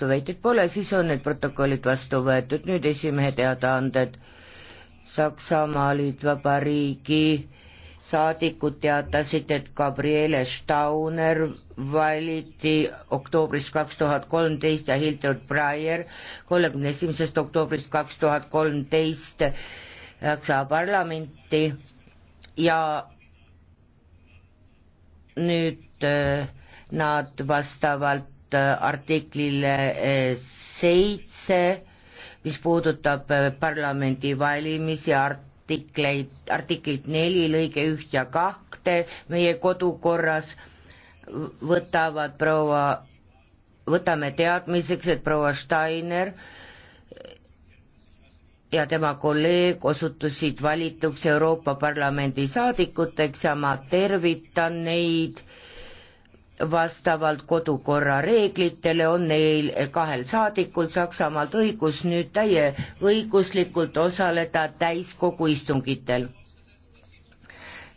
vastuväiteid pole, siis on need protokollid vastu võetud, nüüd esimehe teadaanded. Saksamaa Liitvabariigi saadikud teatasid, et Gabriele Stauner valiti oktoobrist kaks tuhat kolmteist ja Hildur Breyer kolmekümne esimesest oktoobrist kaks tuhat kolmteist Saksa parlamenti ja nüüd äh, nad vastavalt viidet äh, artiklile äh, seitse, mis puudutab äh, parlamendivalimisi, artikleid, artiklit neli, lõige üht ja kahte meie kodukorras, võtavad proua, võtame teadmiseks, et proua Steiner ja tema kolleeg osutusid valituks Euroopa Parlamendi saadikuteks ja ma tervitan neid vastavalt kodukorra reeglitele on neil kahel saadikul Saksamaalt õigus nüüd täieõiguslikult osaleda täiskogu istungitel.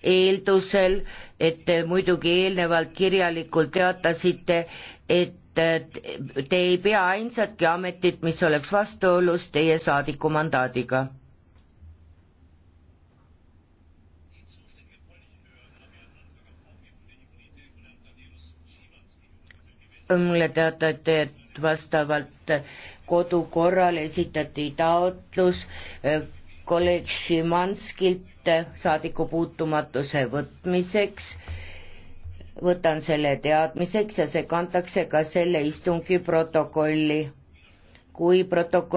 eeldusel, et te muidugi eelnevalt kirjalikult teatasite, et te ei pea ainsatki ametit, mis oleks vastuolus teie saadiku mandaadiga mulle teatati, et vastavalt kodukorrale esitati taotlus äh, kolleeg Šimanskilt saadikupuutumatuse võtmiseks. võtan selle teadmiseks ja see kantakse ka selle istungi protokolli. kui protokoll